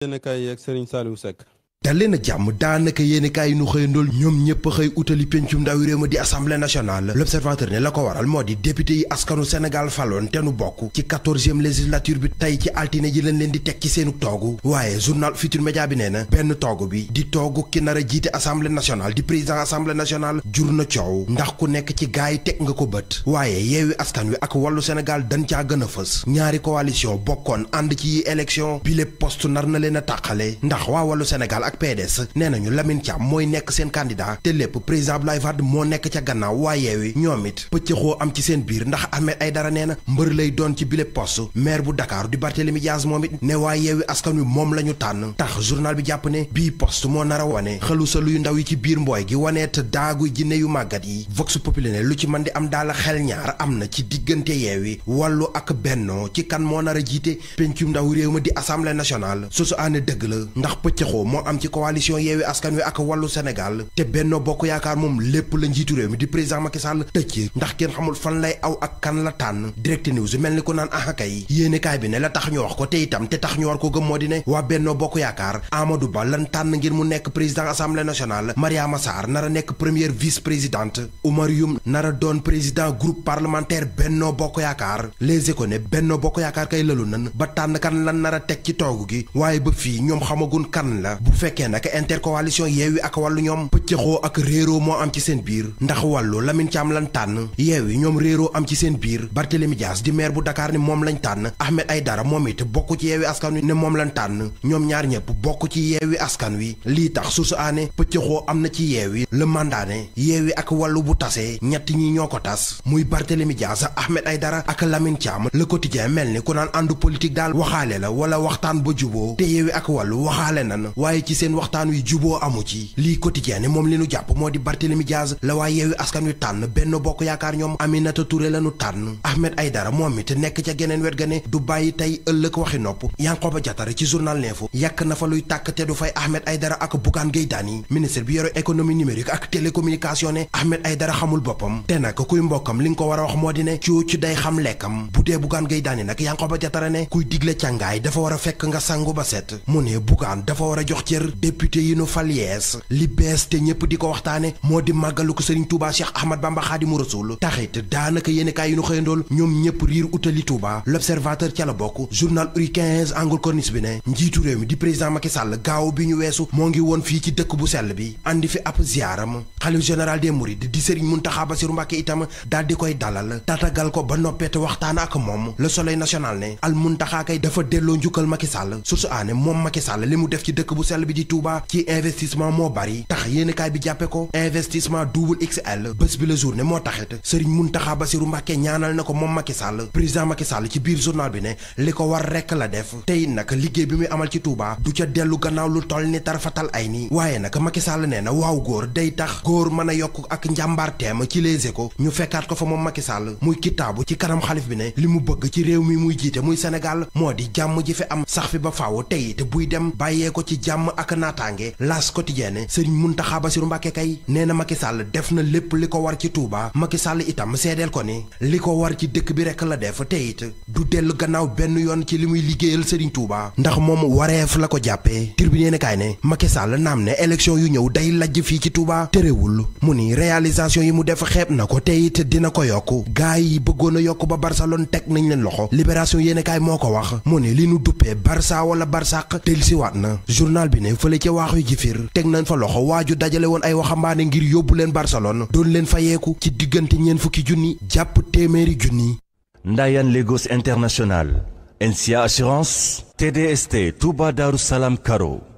yéen a kaay yeeg Serigne Saliou Seck dalleen a jàmm daanaka yéenekaay yi nu xëyandool ñoom ñëpp a xëy utali péncum ndawi réew ma di assemblée nationale l'observateur ne la ko waral moo di député yi askanu Sénégal faloon te nu bokk ci quatorzième législature bi tey ci altine ji lañ leen di teg ci seenu toogu waaye journal Futurs Médias bi nee na benn toogu bi di toogu ki nar a jiite assemblée nationale di président assemblée nationale jur na coow ndax ku nekk ci gaay yi teg nga ko bët waaye yeewi askan wi ak wàllu Sénégal dañ caa gën a fës ñaari coalition bokkoon ànd ci yi élection bi nar na leen a tàqale ndax waa wàllu Sénégal ak ak PDS nee nañu Lamine Thiam mooy nekk seen candidat te lépp président Abdoulaye Wade moo nekk ca gannaaw waa Yewwi ñoom it pëccëxoo am ci seen biir ndax Ahmed Aïdara nee na mbër lay doon ci bile poste maire bu Dakar di Barthélémy Dias moom it ne waa Yewwi askan wi moom la ñu tànn tax journal bi jàpp ne bii poste moo nar a wane xalu sa luy ndaw yi ci biir mbooy gi waneet daagu jinne yu màggat yi Vox Populi ne lu ci man di am daala xel ñaar am na ci diggante Yewwi wàllu ak bennoo ci kan moo nar a jiite pencum ndaw réew ma di assemblée nationale su su ànd dëgg ci coalition yeewi askan wi ak wàllu Sénégal te Benno Bokk Yaakaar moom lépp la njiitu réew mi di président Macky Sall tëj ndax kenn xamul fan lay aw ak kan la tànn direct news mel ni ko naan ah kay yéenekaay bi ne la tax ñu wax ko te itam te tax ñu war ko gëm moo di ne waa Benno Bokk Yaakaar Amadou Ba lan tànn ngir mu nekk président assemblée nationale Mariama Sarr nar a nekk première vice présidente Oumar Youm nar a doon président groupe parlementaire Benno Bokk Yaakaar les éco ne Benno Bokk Yaakaar kay lalu nan ba tànn kan lan nar a teg ci toogu gi waaye ba fekkee naka intercoalition yeewi ak pëccëxoo ak réeroo moo am ci seen biir ndax wàllu Lamine Thiam lan tànn yeewi ñoom réeroo am ci seen biir Barthélemy Dias di maire bu dakaar ne moom lañ tànn Ahmed Aïdara moom it bokk ci yeewi askan wi ne moom lañ ñoom ñaar ñëpp bokk ci yeewi askan wi lii tax su su aane pëccëxoo am na ci yeewi le mandaane yeewi ak wàllu bu tasee ñett ñi ñoo ko tas muy Barthélemy Dias Ahmed dara ak Lamine Thiam le quotidien mel ni ku naan àndu politique daal waxaale la wala waxtaan ba juboo te yeewi ak wàllu waxaale nan waaye ci seen waxtaan wi juboo amu ci lii moom li nu jàpp moo di Barthélemy Diaz la waa yeewi askan wi tànn benn bokk yaakaar ñoom Aminata Touré la nu tànn Ahmed Aïdara moom it nekk ca geneen wet ga ne du bàyyi tey ëllëg waxi nopp Yankhoba Diattara ci journal l'info yàkk na fa luy tàkk te du fay Ahmed Aïdara ak Bougane Gueye Dany ministre bi yore économie numérique ak télécommunication ne Ahmed Aïdara xamul boppam te nag kuy mbokkam li nga ko war a wax moo di ne cuuc day xam lekkam bu dee Bougane Gueye Dany nag Yankhoba Diattara ne kuy war a fekk nga sangu ba set mu ne dafa war a jox cër député yi nu fal yees ñëpp di ko waxtaane moo di màggalu ko sëriñ Touba Cheikh Ahmad Bamba Xaadimu Rasuul taxit daanaka yéen kaay yu ñu xëyandool ñoom ñëpp riir utali Touba l'observateur ca la bokk journal Uri 15 angle corniche bi ne njiitu réew mi di président Macky Sall gaaw bi ñu weesu moo ngi woon fii ci dëkk bu sell bi andi fi ab ziaram xalif général des mourides di sëriñ ba Basiru Mbàkke itam daal di koy dalal tatagal ko ba noppeete waxtaan ak moom le soleil national ne al Muntaxa kay dafa delloo njukkal Macky Sall sursu aane moom Macky Sall li mu def ci dëkk bu sell bi di Touba ci investissement moo bari tax yéenekaay bi jàppe ko investissement double XL bés bi la journée moo taxit Serigne Mountakha Bassirou Mbacké ñaanal na ko moom Macky Sall président Macky Sall ci biir journal bi ne li ko war rekk la def tey nag liggéey bi muy amal ci tuuba du ca dellu gannaaw lu toll ni tarfatal ay nii waaye nag Macky Sall nee na waaw góor day tax góor mën a yokk ak njàmbaar teem ci Les ko ñu fekkaat ko fa moom Macky Sall muy kitaabu ci kanam xalif bi ne li mu bëgg ci réew mi muy jiit muy Sénégal moo di jàmm ji fi am sax fi ba faaw tey buy dem bàyyee ko ci jàmm ak naataange L'As Bassirou Mbacke nee na Macky Sall def na lépp li ko war ci Touba Macky Sall itam seedeel ko ni li ko war ci dëkk bi rek la def te it du dellu gannaaw benn yoon ci li muy liggéeyal Serigne Touba ndax moom wareef la ko jàppee tribune ne kaay ne Macky Sall naam ne élection yu ñëw day lajj fii ci Touba terewul mu ni réalisation yi mu def xeeb na ko te dina ko yokk gaay yi bëggoon a yokk ba Barcelone teg nañ leen loxo libération yéen kaay moo ko wax mu ne li nu duppee Barça wala Barsaq dellusiwaat na journal bi ne fële ca waaxu jifir teg nañ fa loxo dajale woon ay waxambaane ngir yóbbu leen Barcelone doon leen fayeeku ci diggante ñeen fukki junni jàpp téeméeri junni. Ndayan légos International NCA Assurance TDST tuba Darou Salam Karo.